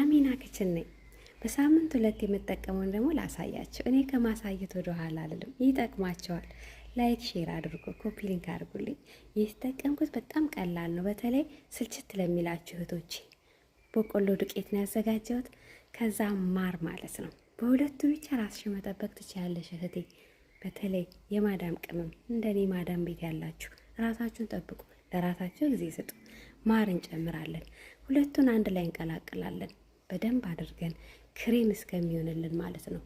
አሚና ክችን ነኝ። በሳምንት ሁለት የምጠቀመውን ደግሞ ላሳያቸው። እኔ ከማሳየት ወደ ኋላ አልልም፣ ይጠቅማቸዋል። ላይክ፣ ሼር አድርጎ ኮፒ ሊንክ አድርጉልኝ። የተጠቀምኩት በጣም ቀላል ነው፣ በተለይ ስልችት ለሚላችሁ እህቶች። በቆሎ ዱቄት ነው ያዘጋጀሁት፣ ከዛ ማር ማለት ነው። በሁለቱ ብቻ ራስሽ መጠበቅ ትችላለሽ እህቴ። በተለይ የማዳም ቅመም እንደኔ ማዳም ቤት ያላችሁ ራሳችሁን ጠብቁ፣ ለራሳችሁ ጊዜ ስጡ። ማር እንጨምራለን። ሁለቱን አንድ ላይ እንቀላቅላለን። በደንብ አድርገን ክሬም እስከሚሆንልን ማለት ነው።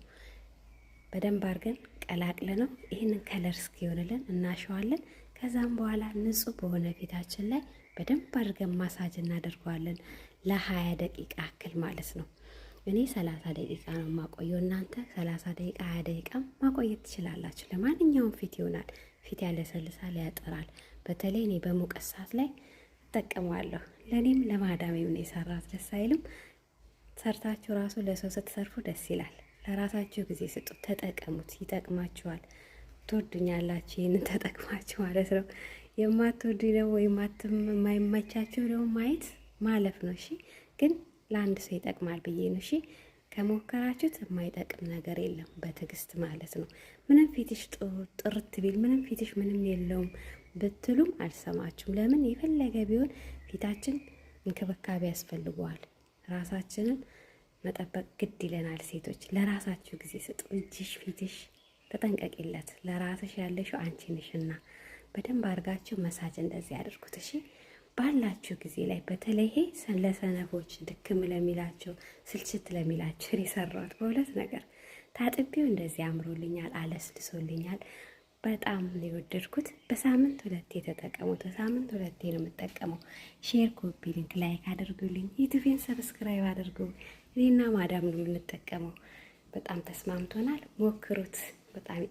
በደንብ አድርገን ቀላቅለ ነው ይህንን ከለር እስኪሆንልን እናሸዋለን። ከዛም በኋላ ንጹህ በሆነ ፊታችን ላይ በደንብ አድርገን ማሳጅ እናደርገዋለን ለሀያ ደቂቃ አክል ማለት ነው። እኔ ሰላሳ ደቂቃ ነው ማቆየው። እናንተ ሰላሳ ደቂቃ ሀያ ደቂቃ ማቆየት ትችላላችሁ። ለማንኛውም ፊት ይሆናል። ፊት ያለሰልሳል፣ ያጠራል። በተለይ እኔ በሙቀት ሰዓት ላይ እጠቀመዋለሁ። ለእኔም ለማዳሜም ነው የሰራት። ደስ አይልም? ሰርታችሁ ራሱ ለሰው ስትሰርፉ ደስ ይላል። ለራሳችሁ ጊዜ ስጡ፣ ተጠቀሙት፣ ይጠቅማችኋል። ትወዱኛላችሁ፣ ይህንን ተጠቅማችሁ ማለት ነው። የማትወዱ ደግሞ የማይመቻችሁ ደግሞ ማየት ማለፍ ነው። እሺ፣ ግን ለአንድ ሰው ይጠቅማል ብዬ ነው። እሺ፣ ከሞከራችሁት የማይጠቅም ነገር የለም፣ በትዕግስት ማለት ነው። ምንም ፊትሽ ጥርት ቢል ምንም ፊትሽ ምንም የለውም ብትሉም አልሰማችሁም። ለምን? የፈለገ ቢሆን ፊታችን እንክብካቤ ያስፈልገዋል። ራሳችንን መጠበቅ ግድ ይለናል። ሴቶች ለራሳችሁ ጊዜ ስጡ። እጅሽ፣ ፊትሽ ተጠንቀቂለት። ለራስሽ ያለሽው አንቺ ነሽና በደንብ አድርጋችሁ መሳጅ እንደዚህ አድርጉት። እሺ ባላችሁ ጊዜ ላይ በተለይ ለሰነፎች፣ ድክም ለሚላቸው፣ ስልችት ለሚላቸው የሰራሁት በሁለት ነገር ታጥቢው እንደዚህ አምሮልኛል፣ አለስልሶልኛል። በጣም ነው የወደድኩት። በሳምንት ሁለቴ ተጠቀሙት። በሳምንት ሁለቴ ነው የምጠቀመው። ሼር፣ ኮፒ ሊንክ፣ ላይክ አድርጉልኝ። ዩቱቤን ሰብስክራይብ አድርጉ። እኔና ማዳም ነው የምንጠቀመው። በጣም ተስማምቶናል። ሞክሩት በጣም